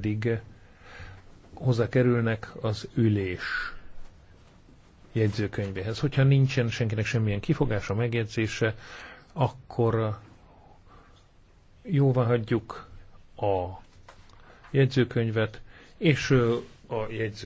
pedig kerülnek az ülés jegyzőkönyvéhez. Hogyha nincsen senkinek semmilyen kifogása, megjegyzése, akkor jóvá hagyjuk a jegyzőkönyvet, és a jegyző